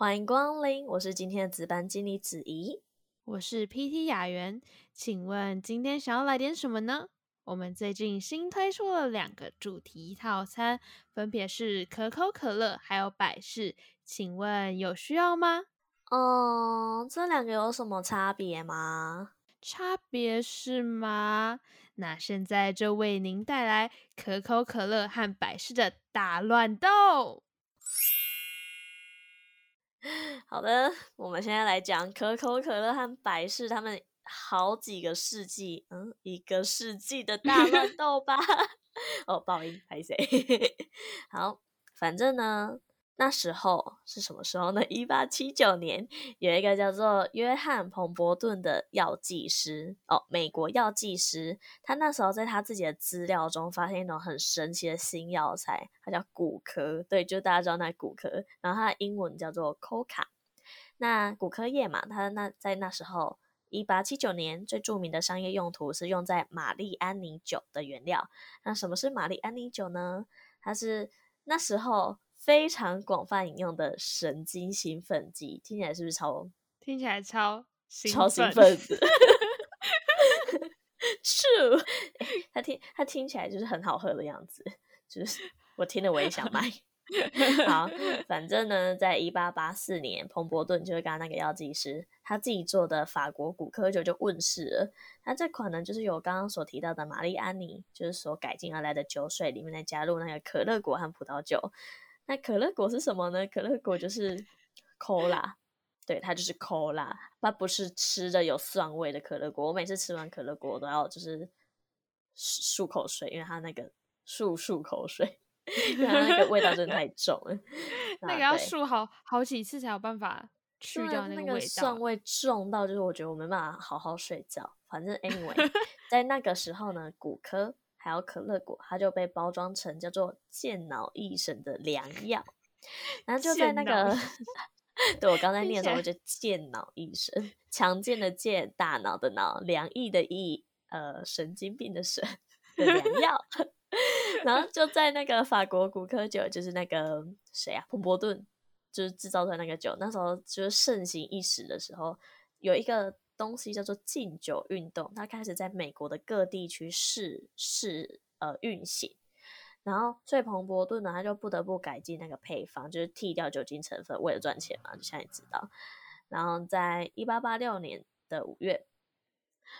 歡迎光臨，我是今天的值班經理子怡，我是 PT 雅媛。請問今天想要來點什麼呢？我們最近新推出了兩個主題套餐，分別是可口可樂還有百事，請問有需要嗎？嗯，這兩個有什麼差別嗎？差別是嗎？那現在就為您帶來可口可樂和百事的大亂鬥。好的，我們現在來講可口可樂和百事他們好幾個世紀，嗯，一個世紀的大亂鬥吧。 哦，爆音，不好意思，不好意思。 好，反正呢。那時候是什麼時候呢？一八七九年，有一個叫做約翰·彭伯頓的藥劑師，哦，美國藥劑師，他那時候在他自己的資料中發現一種很神奇的新藥材，它叫古柯對，就是、大家知道那古柯然後它的英文叫做 coca。那古柯葉嘛，它那在那時候一八七九年，最著名的商業用途是用在瑪麗·安妮酒的原料。那什麼是瑪麗·安妮酒呢？它是那時候。非常廣泛引用的神經興奮劑，聽起來是不是超？聽起來超興奮超興奮的 是，是、欸。他聽他聽起來就是很好喝的樣子，就是我聽了我也想買。 好，反正呢，在一八八四年，彭伯頓就是剛剛那個藥劑師他自己做的法國古柯酒就問世了。那這款呢，就是由剛剛所提到的瑪麗安妮就是所改進而來的酒水，裡面再加入那個可樂果和葡萄酒。那可樂果是什麼呢？可樂果就是 cola，對，它就是 cola，它不是吃的有蒜味的可樂果。我每次吃完可樂果我都要就是漱漱口水，因為它那個漱漱口水，因為它那個味道真的太重了。 那個要漱好好幾次才有辦法去掉那個味道，那個、蒜味重到就是我覺得我沒辦法好好睡覺。反正 anyway，在那個時候呢，骨科。還有可樂果，它就被包裝成叫做“健腦益神”的良藥。然後就在那個， 對我剛才念的時候，就“健腦益神”，強 健的健，大腦的腦，良益的益，呃，神經病的神的良藥。 然後就在那個法國古柯酒，就是那個誰啊，彭伯頓，就是制造出來那個酒，那時候就是盛行一時的時候，有一個。東西叫做禁酒運動，它開始在美國的各地區試試呃運行，然後所以彭伯頓呢，他就不得不改進那個配方，就是剃掉酒精成分，為了賺錢嘛，就現在知道。然後在一八八六年的五月，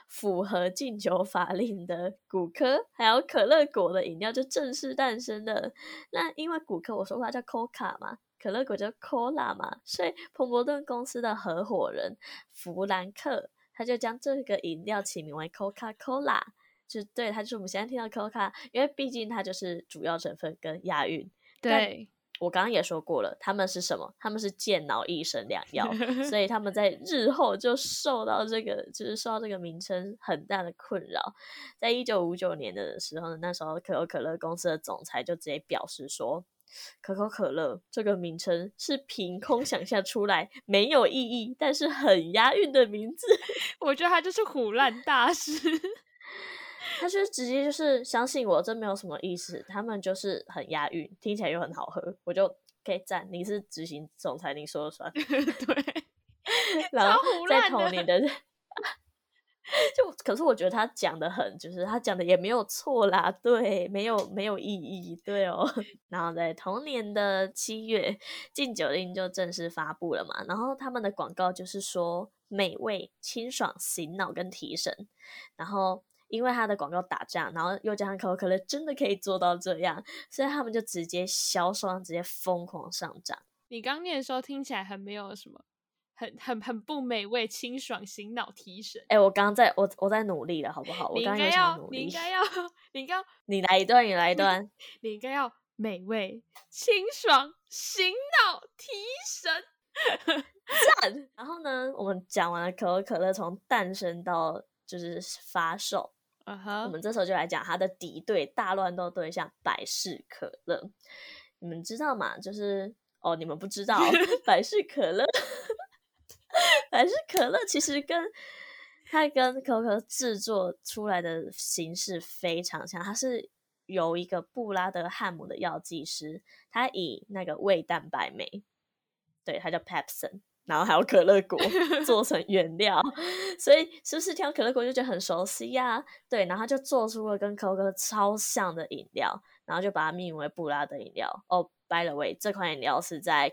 符合禁酒法令的古柯還有可樂果的飲料就正式誕生了。那因為古柯，我說過它叫 Coca 嘛。可樂果叫 Cola 嘛，所以彭伯頓公司的合夥人弗蘭克，他就將這個飲料起名為 Coca-Cola，就對，他就是我們現在聽到 Coca，因為畢竟它就是主要成分跟押韻。對，我剛剛也說過了，他們是什麼？他們是健腦益神兩藥， 所以他們在日後就受到這個就是受到這個名稱很大的困擾。在一九五九年的時候，那時候可口可樂公司的總裁就直接表示說，可口可樂這個名稱是憑空想象出來，沒有意義，但是很押韻的名字。我覺得他就是唬爛大師，他 就直接就是相信我，這沒有什麼意思。他們就是很押韻，聽起來又很好喝，我就可以贊。你是執行總裁，你說了算。 對， 然後贊同你的。 就可是我覺得他講的很，就是他講的也沒有錯啦，對，沒有沒有意義，對哦。然後在同年的七月，禁酒令就正式發佈了嘛。然後他們的廣告就是說美味、清爽、醒腦跟提神。然後因為他的廣告打架，然後又加上可口可樂真的可以做到這樣，所以他們就直接銷售直接瘋狂上漲。你剛念的時候聽起來還沒有什麼。很很很不美味，清爽醒腦提神。哎、欸，我剛在，我我在努力了，好不好？我剛要，要，你應該要，你應該，你來一段，你來一段，你，你應該要美味清爽醒腦提神，讚。 然後呢，我們講完了可口可樂從誕生到就是發售，啊哈，我們這時候就來講它的敵對大亂鬥對象百事可樂。你們知道嗎？就是哦，你們不知道 百事可樂。反正可樂其實跟它跟可口可樂製作出來的形式非常像，它是由一個布拉德漢姆的藥劑師，他以那個胃蛋白酶，對，它叫 pepsin，然後還有可樂果做成原料， 所以是不是聽到可樂果就覺得很熟悉呀、啊？對，然後他就做出了跟可口可樂超像的飲料，然後就把它命名為布拉德飲料。哦、oh，by the way，這款飲料是在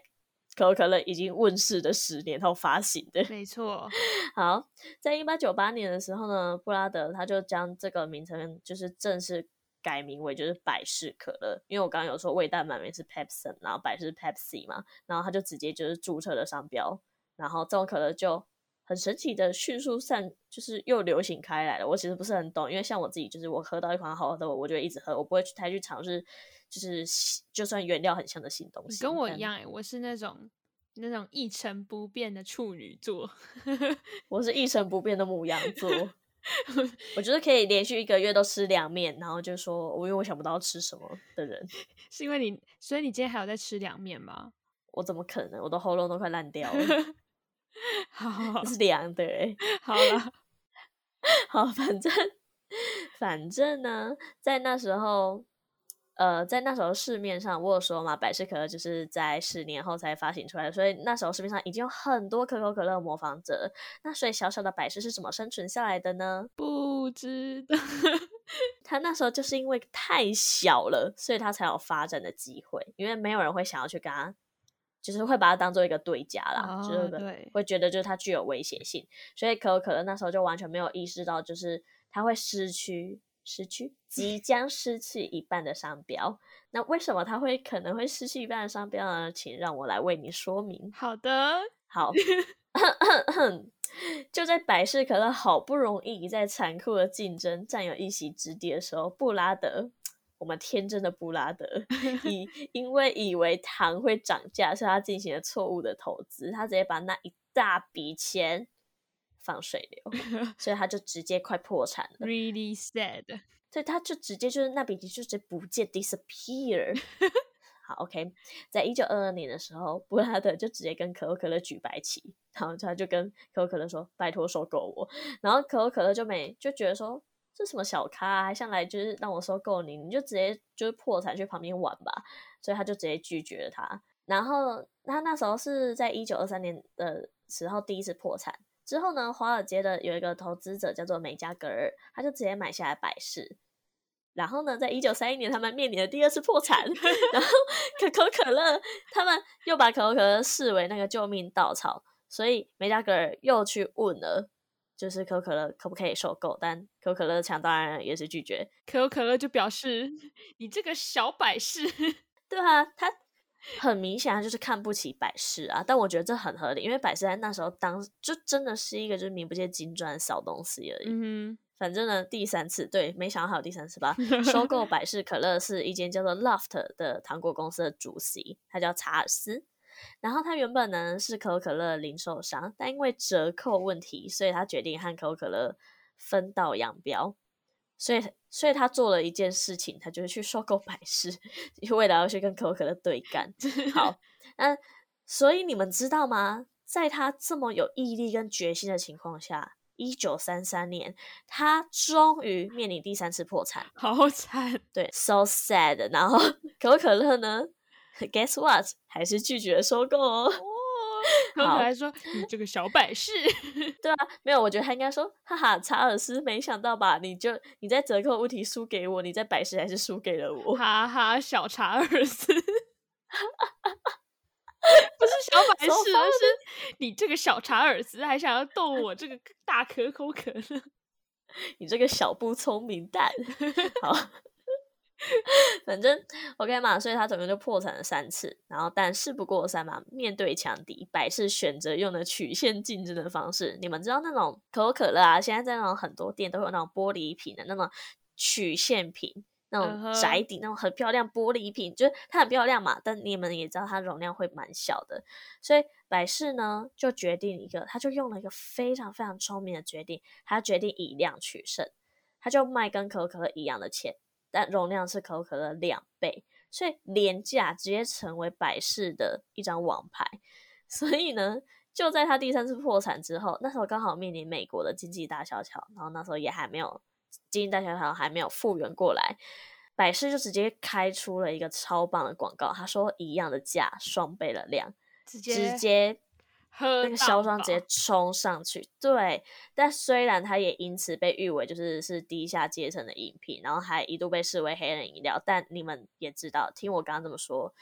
可口可樂已經問世的十年後發行的，沒錯。 好，在一八九八年的時候呢，布拉德他就將這個名稱就是正式改名為就是百事可樂，因為我剛剛有說胃蛋白酶是 Pepsin，然後百事 Pepsi 嘛，然後他就直接就是註冊了商標，然後這種可樂就很神奇的迅速散，就是又流行開來了。我其實不是很懂，因為像我自己，就是我喝到一款好喝的，我就一直喝，我不會去太去嘗試。就是就算原料很像的新東西，跟我一樣。欸、我是那種那種一成不變的處女座， 我是一成不變的牡羊座。 我覺得可以連續一個月都吃涼麵，然後就說，我因為我想不到要吃什麼的人，是因為你，所以你今天還有在吃涼麵嗎？我怎麼可能？我的喉嚨都快爛掉了。 好，好，是涼的、欸。好了， 好，反正反正呢，在那時候。呃，在那時候市面上，我有說嘛，百事可樂就是在十年後才發行出來的，所以那時候市面上已經有很多可口可、可樂的模仿者。那所以小小的百事是怎麼生存下來的呢？不知道。他 那時候就是因為太小了，所以他才有發展的機會，因為沒有人會想要去跟他，就是會把它當做一個對家啦，之、哦、是對，不對，對，會覺得就是它具有威脅性，所以可口可樂那時候就完全沒有意識到，就是它會失去。失去即將失去一半的商標， 那為什麼他會可能會失去一半的商標呢？請讓我來為你說明。好的，好， 就在百事可樂好不容易在殘酷的競爭占有一席之地的時候，布拉德，我們天真的布拉德以因為以為糖會漲價，所以他進行了錯誤的投資，他直接把那一大筆錢，放水流，所以他就直接快破產了。Really sad，所以他就直接就是那筆錢就直接不見 disappear。 好，OK，在一九二二年的時候，布拉德就直接跟可口可樂舉白旗，然後他就跟可口可樂說：“拜託收購我。”然後可口可樂就沒就覺得說這是什麼小咖，還上來就是讓我收購你，你就直接就是破產去旁邊玩吧。所以他就直接拒絕了他。然後他那時候是在一九二三年的時候第一次破產。之後呢，華爾街的有一個投資者叫做梅加格爾，他就直接買下來百事。然後呢，在一九三一年，他們面臨的第二次破產。 然後可口可、可樂，他們又把可口可樂視為那個救命稻草，所以梅加格爾又去問了，就是可口可樂可不可以收購？但可口可樂強當然也是拒絕。可口可樂就表示，你這個小百事，對啊，他。很明顯啊，他就是看不起百事啊！但我覺得這很合理，因為百事在那時候當就真的是一個就是名不見經傳的小東西而已。嗯哼，反正呢，第三次對沒想好第三次吧。收購百事可樂是一間叫做 Loft 的糖果公司的主席，他叫查爾斯。然後他原本呢是可口可樂零售商，但因為折扣問題，所以他決定和可口可樂分道揚鑣。所以，所以他做了一件事情，他就是去收購百事，為了未來要去跟可口可樂對幹。好，那所以你們知道嗎？在他這麼有毅力跟決心的情況下，一九三三年，他終於面臨第三次破產，好慘。對，so sad。然後可口可樂呢？Guess what？還是拒絕了收購哦。可可還說，你這個小百事， 對啊，沒有，我覺得他應該說，哈哈，查爾斯，沒想到吧？你就你在折扣物體輸給我，你在百事還是輸給了我，哈哈，小查爾斯，不是小百事，而 是你這個小查爾斯， 還想要逗我這個大可口可樂， 你這個小不聰明蛋，好。 反正 OK 嘛，所以他整個就破產了三次。然後，但事不過三嘛，面對強敵，百事選擇用了曲線競爭的方式。你們知道那種可口可樂啊，現在在那種很多店都有那種玻璃瓶的那種曲線瓶，那種窄底，那種很漂亮玻璃瓶，就是它很漂亮嘛。但你們也知道，它容量會蠻小的。所以百事呢，就決定一個，他就用了一個非常非常聰明的決定，他決定以量取勝，他就賣跟可口可樂一樣的錢，但容量是可口可樂兩倍，所以廉價直接成為百事的一張王牌。所以呢，就在他第三次破產之後，那時候剛好面臨美國的經濟大蕭條，然後那時候也還沒有，經濟大蕭條還沒有復原過來，百事就直接開出了一個超棒的廣告，他說一樣的價，雙倍的量，直接。直接那個銷量，直接衝上去，對。但雖然它也因此被譽為就是是低下階層的飲品，然後還一度被視為黑人飲料，但你們也知道，聽我剛剛這麼說，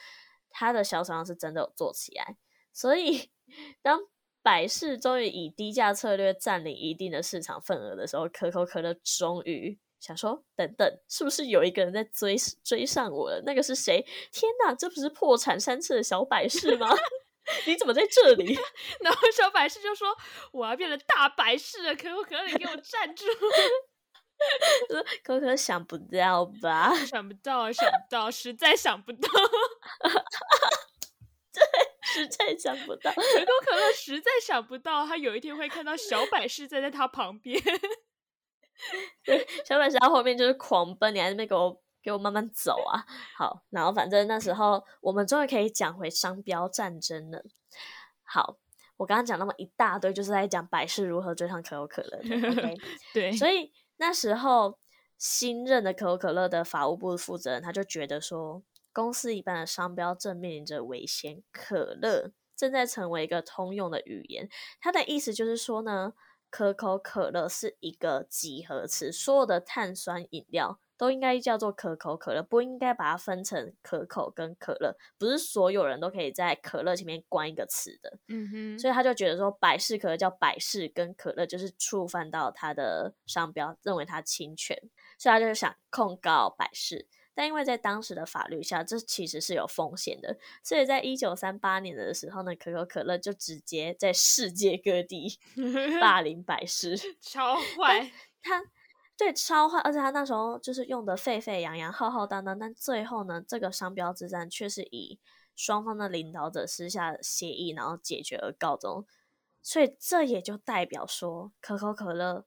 它的銷量是真的有做起來。所以當百事終於以低價策略占領一定的市場份額的時候，可口可樂終於想說：等等，是不是有一個人在追追上我了？那個是誰？天哪，這不是破產三次的小百事嗎？ 你怎麼在這裡？ 然後小百事就說：“我要變成大百事了，可口可樂，你給我站住！” 可口可樂想不到吧？想不到，想不到，實在想不到。對，實在想不到， 可口可樂實在想不到，他有一天會看到小百事站在他旁邊。 對，小百事他後面就是狂奔，你還在那邊給我。給我慢慢走啊！好，然後反正那時候我們終於可以講回商標戰爭了。好，我剛剛講那麼一大堆，就是在講百事如何追上可口可樂。Okay? 對，所以那時候新任的可口可樂的法務部負責人他就覺得說，公司一般的商標正面臨着危險，可樂正在成為一個通用的語言。它的意思就是說呢，可口可樂是一個集合詞，所有的碳酸飲料，都應該叫做可口可樂，不應該把它分成可口跟可樂，不是所有人都可以在可樂前面冠一個詞的。嗯哼，所以他就覺得說百事可樂叫百事跟可樂就是觸犯到他的商標，認為他侵權，所以他就想控告百事。但因為在當時的法律下，這其實是有風險的，所以在一九三八年的時候呢，可口可樂就直接在世界各地 霸凌百事，超壞他。對，超壞，而且他那時候就是用得沸沸揚揚、浩浩蕩蕩，蕩，蕩蕩，但最後呢，這個商標之戰卻是以雙方的領導者私下協議，然後解決而告終。所以這也就代表說，可口可樂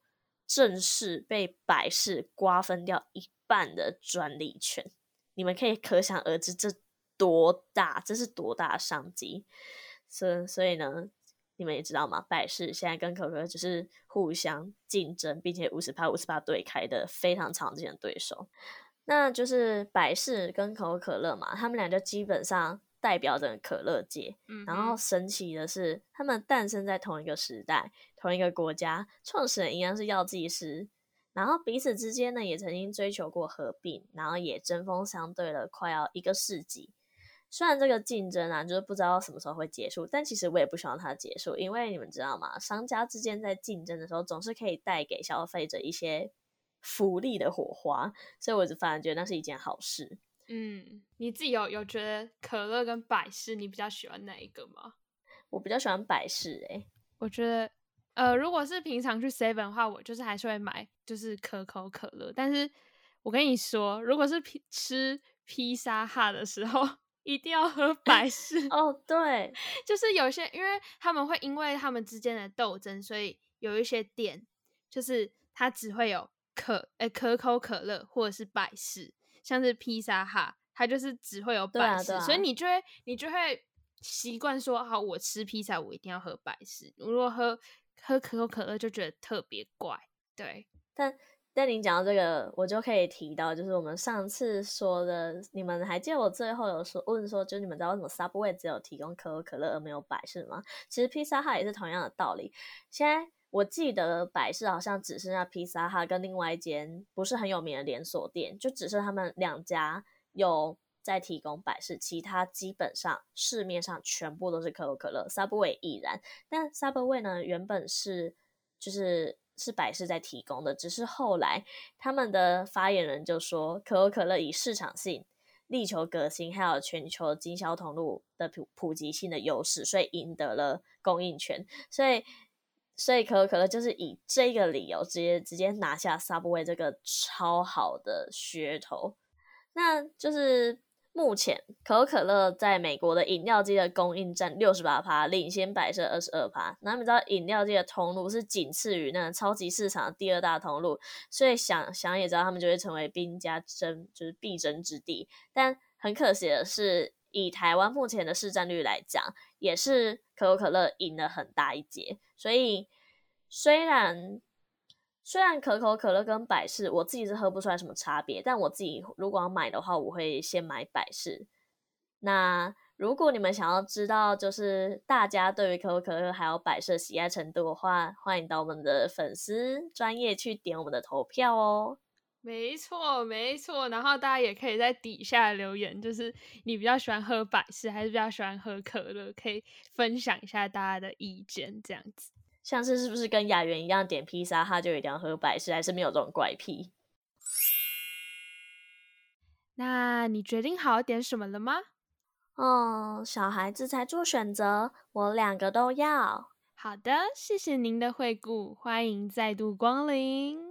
正式被百事瓜分掉一半的專利權。你們可以可想而知，這多大，這是多大的商機。所以所以呢。你們也知道嗎？百事現在跟可口可樂就是互相競爭，並且五十趴、五十趴對開的非常常見的對手。那就是百事跟可口可樂嘛，他們倆就基本上代表着可樂界嗯嗯。然後神奇的是，他們誕生在同一個時代、同一個國家，創始人一樣是藥劑師。然後彼此之間呢，也曾經追求過合併，然後也針鋒相對了快要一個世紀。雖然這個競爭啊，就是不知道什麼時候會結束，但其實我也不希望它結束，因為你們知道嗎？商家之間在競爭的時候，總是可以帶給消費者一些福利的火花，所以我就反而覺得那是一件好事。嗯，你自己有有覺得可樂跟百事，你比較喜歡哪一個嗎？我比較喜歡百事誒、欸，我覺得呃，如果是平常去 seven 的話，我就是還是會買就是可口可樂，但是我跟你說，如果是披吃披薩哈的時候。一定要喝百事哦、 oh，對，就是有些，因為他們會因為他們之間的鬥爭，所以有一些店就是它只會有可哎、欸、可口可樂或者是百事，像是披薩哈，它就是只會有百事，啊啊、所以你就會你就會習慣說好，我吃披薩我一定要喝百事，如果喝喝可口可樂就覺得特別怪，對，但。但您講到這個，我就可以提到，就是我們上次說的，你們還記得我最後有說問說，就是、你們知道為什麼 Subway 只有提供可口可樂而沒有百事嗎？其實 Pizza Hut 也是同樣的道理。現在我記得百事好像只剩下 Pizza Hut 跟另外一間不是很有名的連鎖店，就只剩他們兩家有在提供百事，其他基本上市面上全部都是可口可樂。Subway 亦然，但 Subway 呢，原本是就是。是百事在提供的，只是後來他們的發言人就說，可口可樂以市場性、力求革新，還有全球經銷通路的普普及性的優勢，所以贏得了供應權，所以所以可口可樂就是以這個理由直接直接拿下 Subway 這個超好的噱頭，那就是。目前可口可樂在美國的飲料機的供應占六十八趴，領先百事二十二趴。那你知道飲料機的通路是僅次於那超級市場第二大通路，所以想想也知道他們就會成為兵家爭，就是必爭之地。但很可惜的是，以台灣目前的市占率來講，也是可口可樂贏了很大一截。所以雖然雖然可口可樂跟百事，我自己是喝不出來什麼差別，但我自己如果要買的話，我會先買百事。那如果你們想要知道就是大家對於可口可樂還有百事的喜愛程度的話，歡迎到我們的粉絲專頁去點我們的投票哦。沒錯，沒錯。然後大家也可以在底下留言，就是你比較喜歡喝百事，還是比較喜歡喝可樂？可以分享一下大家的意見，這樣子。像是是不是跟雅媛一樣點披薩，她就一定要喝百事，還是沒有這種怪癖？那你決定好點什麼了嗎？哦，小孩子才做選擇，我兩個都要。好的，謝謝您的惠顧，歡迎再度光臨。